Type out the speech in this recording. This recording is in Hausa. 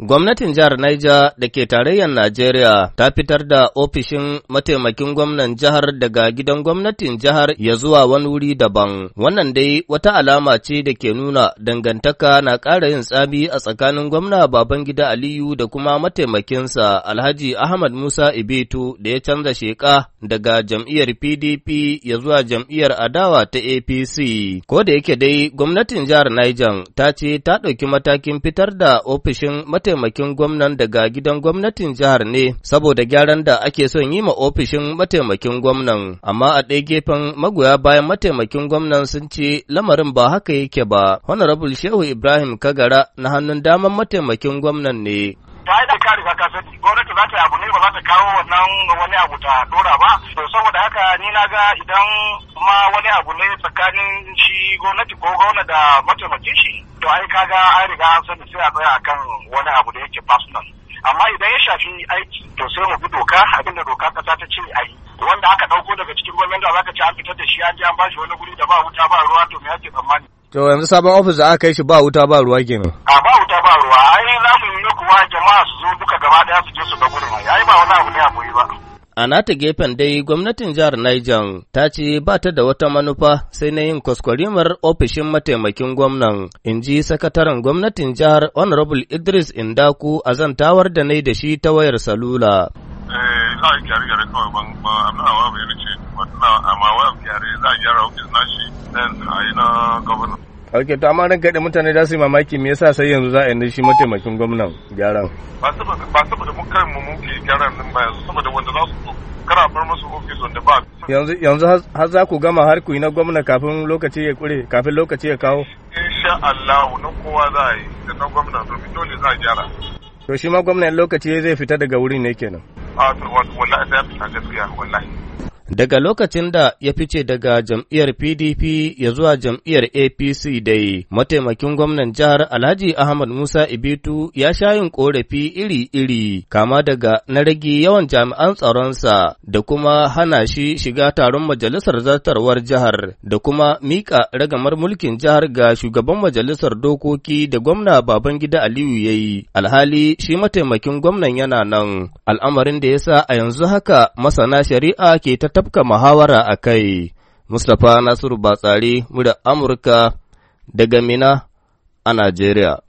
Gwamnatin jihar Niger da ke tarayyar Najeriya ta fitar da ofishin mataimakin gwamnan jihar daga gidan gwamnatin jihar ya zuwa wani wuri daban. Wannan dai wata alama ce da ke nuna dangantaka na ƙara yin tsami a tsakanin gwamna Babangida Aliyu da kuma mataimakinsa Alhaji Ahmad Musa Ibitu da ya canza sheka daga jam'iyyar PDP ya zuwa jam'iyyar adawa ta APC. Ko da yake dai gwamnatin jihar Niger ta ce ta ɗauki matakin fitar da ofishin mataimakin mataimakin gwamnan daga gidan gwamnatin jihar ne saboda gyaran da ake son yi ma ofishin mataimakin gwamnan, amma a ɗaya gefen magoya bayan mataimakin gwamnan sun ce lamarin ba haka yake ba. Honorable Shehu Ibrahim Kagara na hannun daman mataimakin gwamnan ne. Ta da za ta abu ne ba za ta kawo wannan wani abu ta dora ba to saboda haka ni na ga idan ma wani abu ne tsakanin shi gwamnati ko gwamnati da mataimakin shi to ai kaga an riga an sani sai a tsaya akan wani abu da yake personal amma idan ya shafi aiki to sai mu bi doka abinda doka kasa ta ce ayi wanda aka dauko daga cikin gwamnati za ka ci an fitar da shi an je an bashi wani guri da ba wuta ba ruwa to me ake tsammani To yanzu sabon ofis da aka kai shi ba wuta ba ruwa kenan. A ba wuta ba ruwa, ai za mu yi kuma jama'a su zo duka gaba daya su je A nata gefen dai gwamnatin jihar Niger ta ce ba ta da wata manufa sai na yin kwaskwarimar ofishin mataimakin gwamnan, in ji sakataren gwamnatin jihar Honorable Idris Indaku a zantawar da na da shi ta wayar salula. Eh, za a gyare gyare kawai ban ba amma ce amma wa gyare za a gyara ofis na shi a yi na gwamnati. ok to amma ranka da mutane da su yi mamaki me yasa sai yanzu za a yi shi mataimakin gwamnan gyaran ba saboda ba saboda mu kai mu muke gyaran nan ba yanzu saboda wanda za su kara bar musu office wanda ba yanzu yanzu har za ku gama har ku yi na gwamna kafin lokaci ya kure kafin lokaci ya kawo insha Allah na kowa za a yi da na gwamna domin dole za a gyara to shi ma gwamnan lokaci zai fita daga wurin ne kenan a to wallahi sai a fita gaskiya wallahi Daga lokacin da ya fice daga jam'iyyar PDP ya zuwa jam'iyyar APC dai, mataimakin gwamnan jihar Alhaji Ahmad Musa Ibitu ya sha yin korafi iri-iri, kama daga na rage yawan jami'an tsaronsa da kuma hana shi shiga taron majalisar zartarwar jihar da kuma mika ragamar mulkin jihar ga shugaban majalisar dokoki da gwamna Babangida Aliyu ya yi, alhali shi mataimakin gwamnan yana nan, al'amarin da ya sa a yanzu haka masana shari'a ke ta tafka muhawara a kai. Mustapha Nasiru Batsari, murar Amurka daga Mina a Najeriya.